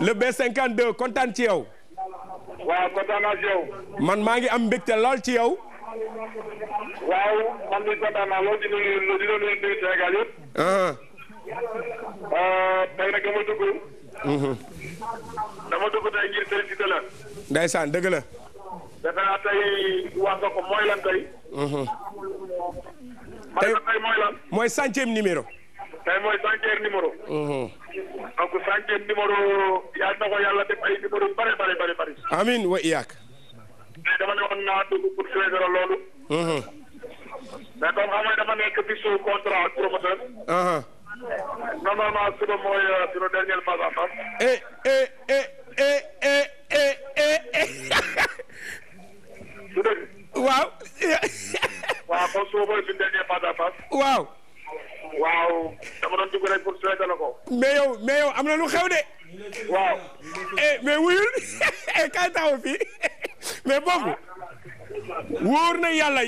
le B52 kontaan ci yow. waaw kontaan naa ci yow. man maa ngi am mbégte lool ci yow. waaw man mii kontaan naa lool di nuyu di nuyu nuyu uh-huh. euh, tey nag dama dugg. Mm-hmm. dama dugg tey ngir félicité la. ndeysaan dëgg la. defe tey wax nga mooy lan mm-hmm. tey. tey mooy lan. mooy centième numéro. tey mooy centième numéro. Mm-hmm. sànqeen numéro yal na ko yàlla def ay numéro yu bëri bëri bëri. amiin wa iyaak. mais dama ne woon naa dugg pour fédéral loolu. Uh-huh. mais comme xam nga dafa nekk fii sous contrat ak promoteur. Uh-huh. normalement suba mooy euh, suñu dernier match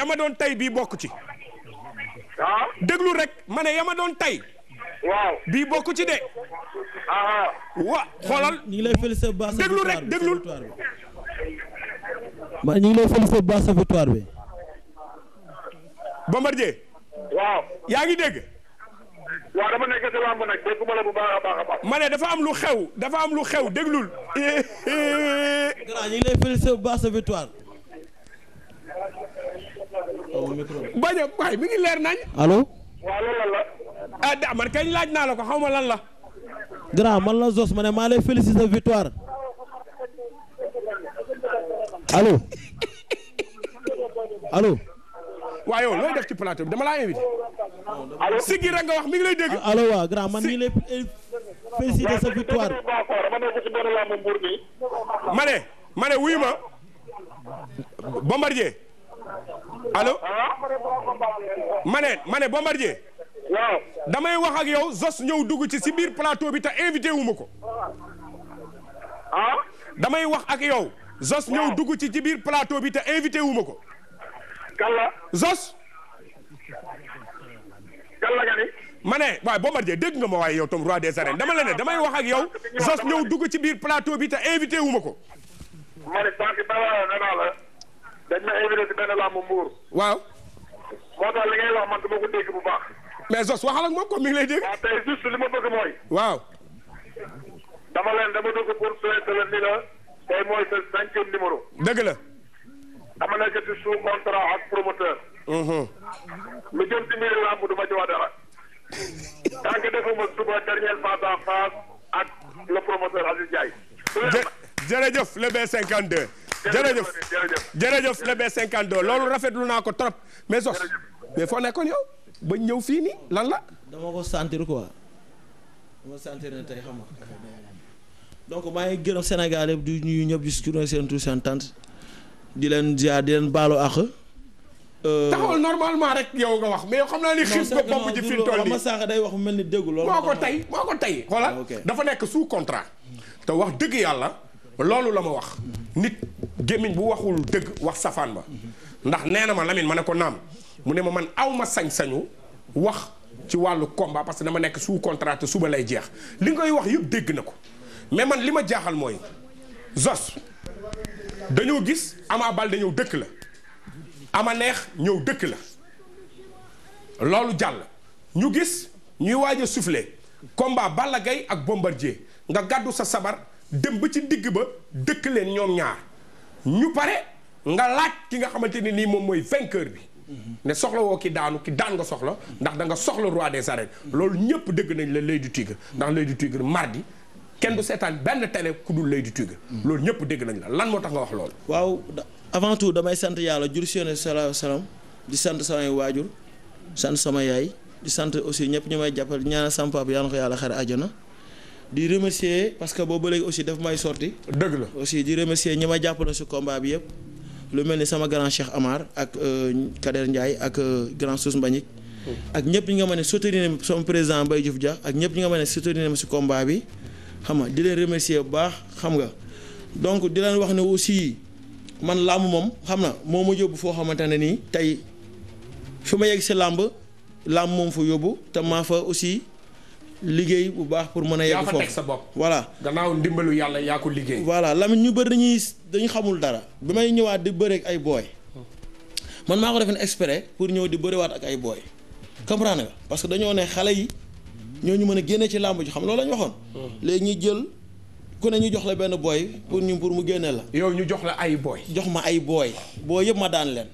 yama doon tay bii bokk ci. ah. déglu rek ma ne yama doon tay. bii bokk ci de. Ah, ah. wa xoolal. ñu ngi lay félicité bu baax sa déglu rek déglul. ma ñu ngi lay félicité baax sa victoire bi. Bombardier. yaa ngi dégg. mane dafa am lu xew dafa am lu xew déglul. ñu ngi lay félicité baax sa victoire. bañ a waay mi ngi leer nañ. allo. waaw loolu man kañ laaj naa la ko xaw ma lan la. grand man la Zos ma ne maa lay félicité sa victoire. allo. allo. waaw wax mi ngi lay man ma ne allo ma ne ma ne Bombardier damay wax ak yow Zoss ñëw dugg ci si biir plateau bi te invité wu ma ko ah? damay wax ak yow Zoss ñëw dugg ci ci biir bi te invité wu ko Zoss ma ne waaye Bombardier dégg nga ma waaye yow tam roi des arènes dama la ne damay wax ak yow Zoss ñëw dugg ci biir plateau bi te invité wu ko dañ ma invité si benn làmb Mbour. waaw. moo tax li ngay wax man dama ko bu baax. mais Zos waxal ak moom mi ngi lay dégg. tey juste li ma bëgg mooy. waaw. dama leen dama dugg pour souhaiter la ni la tey mooy sa cinquième numéro. dëgg la. dama nekk ci sous contrat ak promoteur. Mhm. lu jëm ci mbiri làmb du ma ci wax dara. tant que defuma suba dernière face à face ak le promoteur Aziz Ndiaye. jërëjëf le B52. jërëjëf jërëjëf le B52 loolu rafetlu naa ko trop mais sos mais foo nekkoon yow ba ñëw fii nii lan la. dama ko sentir quoi dama sentir ne tey xam nga donc maa ngi gërëm Sénégal yëpp di ñuy ñëpp di suñu seen tur seen tant di leen ziar di leen baalu àq. Euh, taxawal normalement rek yow nga wax mais yow xam naa ni xiif ba bopp ji fi mu toll nii ma sànq day wax mel ni déggu loolu moo ko tey moo ko tey xoolal dafa nekk sous contrat te wax dëgg yàlla loolu la ma wax nit gémmiñ bu waxul dëgg wax safaan ba ndax nee na ma Lamine ma ne ko naam mu ne ma man aw ma sañ-sañu wax ci wàllu komba parce que dama nekk sous contrat te suba lay jeex li ngay wax yëpp dégg na ko mais man li ma jaaxal mooy Zos dañoo gis Ama Baldé ñëw dëkk la ama neex ñëw dëkk la loolu jàll ñu gis ñuy waaj a soufflé combat Balla gay ak Bombardier nga gàddu sa sabar dem ba ci digg ba dëkk leen ñoom ñaar ñu pare nga laaj ki nga xamante ne nii moom mooy vainqueur bi. ne soxlawoo woo ki daanu ki daan nga soxla. ndax da nga soxla roi des arènes. loolu ñëpp dëgg nañ la l'œil du ndax l'œil du tigre mardi kenn du seetaan benn télé ku dul l'œil du tigre. loolu ñëpp dëgg nañ la lan moo tax nga wax loolu. waaw avant tout damay sant yàlla jur seen yéen salaam di sant samay waajur sant sama yaay di sant aussi ñëpp ñu may jàppal ñaanal sama papa yàlla yàlla xare àjjana di remercier parce que boobu léegi aussi daf may sorti dëgg la aussi di remercier ñi ma jàppale si combat bi yëpp lu mel ni sama grand Cheikh Amar ak euh, Kader Ndiaye ak euh, grand Sous Mbagnick oh. ak ñëpp ñi nga ma ne soutenir sama président Mbaye Diouf Dia ak ñëpp ñi nga ma ne soutenir ma si combat bi xam na di leen remercier bu baax xam nga donc di leen wax ne aussi man làmb moom xam na moo ma yóbbu foo xamante ne nii tey fi ma yegg si làmb làmb moom fu yóbbu te maa fa aussi liggéey bu baax pour mën a yegg foofu yaa fa sa bopp voilà gannaaw ndimbalu yàlla yaa liggéey voilà Lamine ñu bëri dañuy dañu xamul dara bi may ñëwaat di bëri ak ay booy man maa ko def ne exprès pour ñëw di bëriwaat ak ay booy comprendre nga parce que dañoo ne xale yi ñoo ñu mën a génne ci làmb ji xam loolu la ñu waxoon hmm. léegi ñu jël ku ne ñu jox la benn booy pour ñu pour mu génne la yow ñu jox la ay booy jox ma ay booy booy yëpp ma daan leen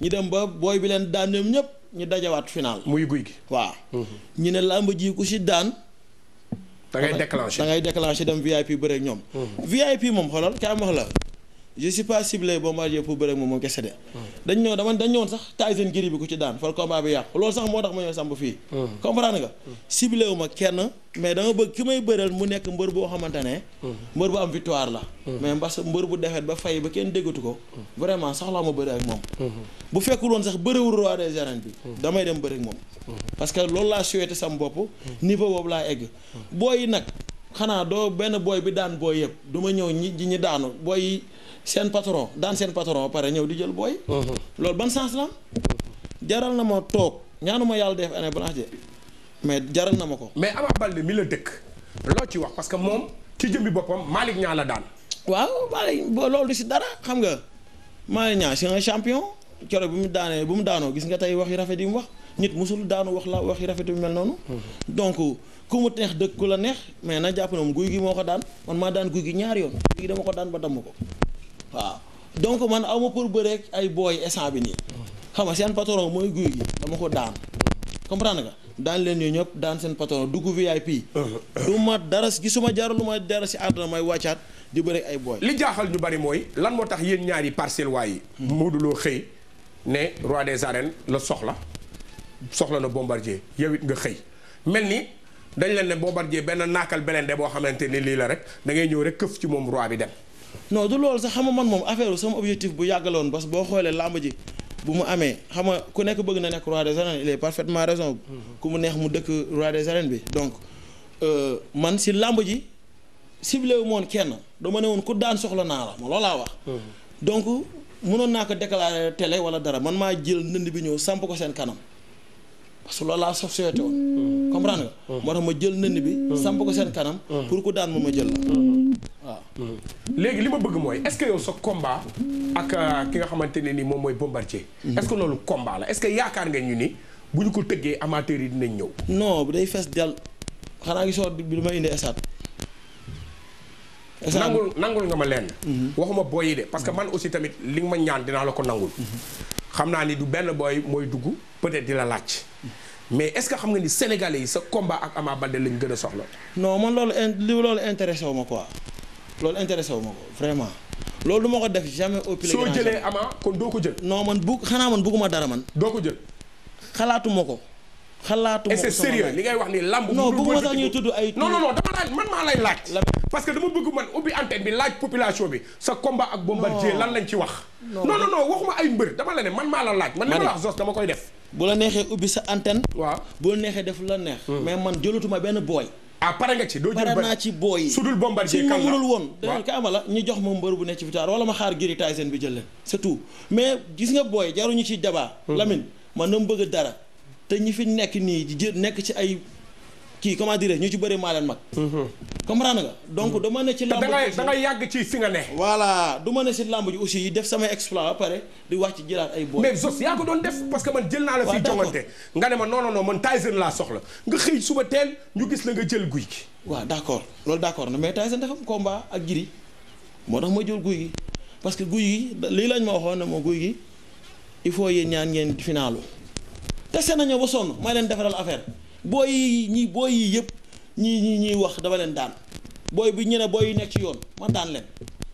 ñu dem ba booy bi leen daan ñoom ñëpp ñu dajawaat final. muy guy gi waa mhm. ñu ne làmb ji ku si daan. da ngay déclenché da ngay déclenché dem VIP bëreeg ñoom. Mhm. VIP moom xoolal kaay wax la. je suis pas ciblé Bombardier pour bëre moom moom kese de. dañ ñëw dama dañ ñëwoon sax Tyson Giri bi ku ci daan far combat bi yàqu loolu sax moo tax ma ñëw samp fii. comprendre nga. ciblé wu ma kenn mais dama bëgg ki may bëreel mu nekk mbër boo xamante ne. mbër bu am victoire la. mais parce que mbër bu defet ba fay ba kenn déggatu ko. vraiment soxlaa ma bëre ak moom. bu fekkul sax bëriwul roi des arènes bi. damay dem bëri ak moom. parce que loolu laa souhaité sam bopp. niveau boobu laa benn booy bi daan booy yëpp du ma ñëw ñi ñi daanu seen patron daan seen patron pare ñëw di jël booy. Mhm. loolu ban sens la jaral na ma toog ñaanu ma yàlla def année blanche de mais jaral na ma ko. mais Ama Baldé mi la dëkk loo ci wax parce que moom ci bi boppam Malick Niang la daan. waaw Malick loolu du si dara xam nga Malick Niang c'est un champion coro bu mu daanee bu mu daanoo gis nga tey wax yu rafet yu mu wax nit mosul daanu wax la wax yu rafet yu mel noonu. Mhm. donc ku mu neex dëkk ku la neex mais na jàpp na mu guy gi moo ko daan man maa daan guy gi ñaari yoon guy gi dama ko daan ba damm ko. waaw donc man aw ma pour bëreeg ay booy essant bi nii xam nga seen patron mooy guy gi dama ko daan comprendre nga daan leen ñu ñëpp daan seen patron dugg VIP. lu uh-huh. ma dara gisuma jaral lu ma dara si àdduna may wàccaat di bëreeg ay booy. li jaaxal ñu bari mooy lan moo tax yéen ñaari parcelle waay yi. Hmm. Modou xëy ne roi des arènes la soxla soxla na bombardier yow it nga xëy mel ni dañ leen ne bombardier benn naakal beneen de boo xamante ni lii la rek da ngay ñëw rek ci moom roi bi dem. non du loolu sax xam nga man moom affaire sama objectif bu yàggaloon parce que boo xoolee làmb ji bu mu amee xam nga ku nekk bëgg na nekk roi des arènes il est parfaitement raison. Mm-hmm. ku mu neex mu dëkk roi des arènes bi. donc euh, man si làmb ji ciblé wu ma woon kenn dama ne woon ku daan soxla naa la ma loolaa wax. Mm-hmm. donc mënoon naa ko déclarer tele wala dara man maa jël ndënd bi ñëw samp ko seen kanam parce loolu laa sof woon. Mm-hmm. comprendre moo tax ma jël ndënd bi. samp ko seen kanam. pour ku ma jël léegi li ma bëgg mooy est-ce que yow sa combat ak euh, ki nga xamante ne ni moom mooy bombardier. Mhm. est-ce loolu combat la est-ce que yaakaar nga ñu ni bu ñu ko tëggee amateurs yi dinañ ñëw. non day fees dell xanaa gisoo bi ma indi esaat. nangul nangul nga ma lenn. Mhm. waxuma booy yi de parce que man aussi tamit li nga ñaan dinaa la ko nangul. Mhm. xam naa ni du benn booy mooy dugg peut-être di la laaj. mais est-ce que xam nga ni sénégalais yi sa combat ak Ama lañ gën soxla. non man loolu in loolu intéressé wu ma quoi. loolu intéressé wu ma ko vraiment loolu du ko def jamais au pile soo jëlee ama kon doo ko jël noo man bu xanaa man bugguma dara man doo ko jël xalaatuma ko xalaatu ma ko sama li ngay wax ni lamb non bugguma sax ñuy tudd ay non non non dama man maa lay laaj parce que dama bëgg man ubbi antenne bi laaj population bi sa combat ak bombardier lan lañ ci wax non non waxuma ay mbër dama la ne man maa la laaj man li ma wax Zoss dama koy def bu la neexee ubbi sa antenne waaw bu neexee def la neex hmm. mais man jëlatuma benn booy ah pare nga ci doo jël pare naa ci booy su dul bombardier kan la suñu mënul woon dañu ka amala ñu jox ma mbër bu nekk ci victoire wala ma xaar Giri Tyson bi jël leen c'est tout mais gis nga booy jaruñu ci débat hmm. Lamine man na mu bëgg dara te ñi fi nekk nii jë nekk ci ay kii comment dire ñu ci bëri maa leen mag. Mhm. comprendre nga donc mhm. dama ne ci. lamb da ngay yàgg ci fi nga ne. voilà du ma ne si lamb ji aussi def samay exploit ba pare di wàcc jëlaat ay boy. mais Zos yaa ko doon def parce que man jël naa la. fii jongante nga ne ma non non non man Tyson laa soxla nga xëy suba teel ñu gis la nga jël guy gi. waaw d' accord loolu d' accord mais Tyson dafa am combat ak Gris moo tax ma jël guy gi parce que guy gi lii lañ ma waxoon ne ma guy gi il faut yéen ñaan ngeen finalu testé nañu ba sonn may leen defaral affaire. booy yi ñi booy yi yëpp ñi ñi ñuy wax dama leen daan booy bi ñu ne booy yi nekk ci yoon ma daan leen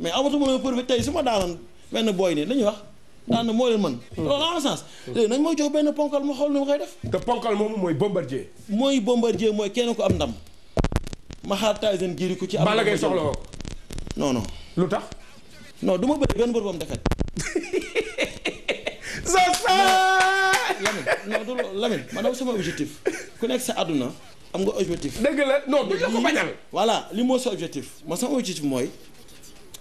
mais amatuma la preuve tey su ma daanoon benn booy ne dañuy wax daan na moo leen mën loolu am nañ ma jox benn ponkal ma xool nu ma koy def te ponkal moomu mooy bombardier mooy bombardier mooy kenn ku am ndam ma xaar Tyson ko ci am Balla Gaye soxla ko non lu tax non du ma bëri benn bër bu am defet so non du loolu Lamine man am sama objectif ku nekk sa àdduna am nga objectif. dëgg la non duñ la ko bañal. voilà li moo sa objectif man sama objectif mooy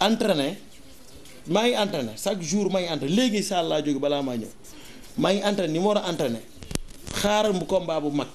entraîner maa ngi entraîner chaque jour maa ngi entraîner léegi saa laa jóge balaa maa ñëw maa ngi entraîner ni ma war a entraîner mu combat bu mag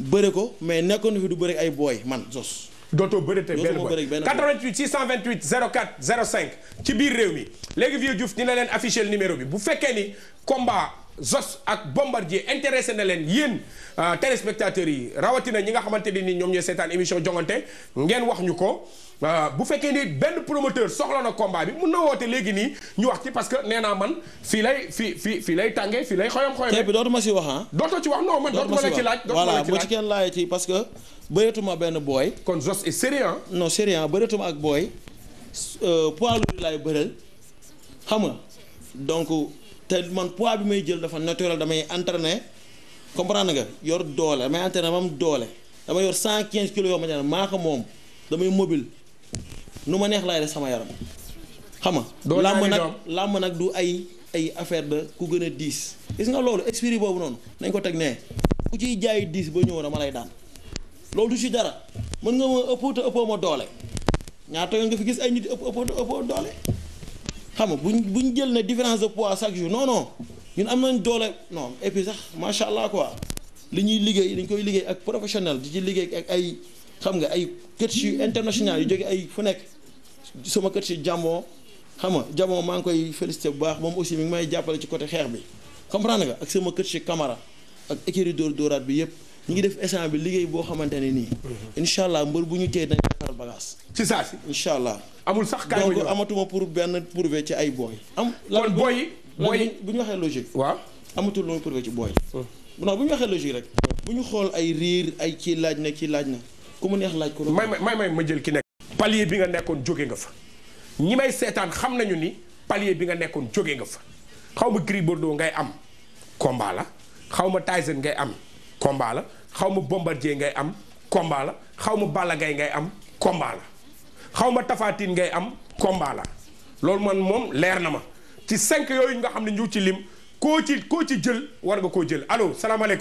bëre ko mais nekkoon fi du bëre ay booy man Zoss. dootoo bëreetee benn bopp 88 628 04 05 ci biir réew mi léegi Vieux Diouf dina leen afficher le numéro bi bu fekkee ni combat. Zos ak Bombardier intéressé na leen yéen euh, téléspectateurs yi rawatina ñi nga xamante ne ni ñoom ñooy seetaan émission jongante ngeen wax ñu ko euh, bu fekkee ni benn promoteur soxla na combat bi mun na woote léegi nii ñu wax ci parce que nee naa man fii lay fii fii fii lay tàngee fii lay xoyam xoyam. tey bi dootuma si wax ah. dootoo ci wax non man dootuma la ci laaj. dootuma la ci laaj voilà bu ci ci parce que benn booy. kon Zos est sérieux non sérieux ah, ak booy. Euh, poids lu laay bëreel xam nga te man pois bi may jël dafa naturel damay entraîner comprendre nga yor doole damay entraîner ma doole dama yor cent quinze kilos yoo xamante ne maa ko moom damay mobile nu ma neex laay def sama yaram xam nga làmb nag làmb nag du ay ay affaire de ku gën a diis gis nga loolu expérience boobu noonu nañ ko teg ne ku ciy jaay diis ba ñëw dama lay daan loolu du si dara mën nga ma ëpp te ëppoo ma doole ñaata yoon nga fi gis ay nit ëpp ëpp ëppoo doole xam nga bu buñ jël ne différence de poids chaque jour non ñun am nañ doole non et sax macha allah quoi li ñuy liggéey dañ koy liggéey ak professionnel di ci liggéey ak ay xam nga ay coach yu international yu jóge ay fu nekk sama coach yu jàmmoo xam nga jàmmoo maa ngi koy félicité bu baax moom aussi mi ngi may jàppale ci côté xeex bi comprendre nga ak sama coach yu Camara ak écurie Dóor Dóoraat bi yëpp. ñu ngi def essence bi liggéey boo xamante ne nii. Mhm. incha allah mbër bu ñu téye dañ defal bagage. ci saa si incha amul sax kaay donc amatuma pour benn prouvé ci ay booy. am lan kon booy bu ñu waxee logique. waaw amatul lu muy prouvé ci booy. Hmm. non bu ñu waxee logique rek. bu ñu xool ay riir ay kii laaj na kii laaj na ku mu neex laaj ko. may may may ma jël ki nekk. palier bi nga nekkoon jóge nga fa ñi may seetaan xam nañu ni palier bi nga nekkoon jóge nga fa xaw ma Gris Bordeaux ngay am combat xaw ma Tyson ngay am. combat la xaw ma Bombardier ngay am combat la xaw ma Balla Gaye ngay am combat la xaw ma Tapha ngay am combat loolu man moom leer na ma ci cinq yooyu nga xam ne ñu ci lim koo ci koo ci jël war nga koo jël allo salaamaaleykum.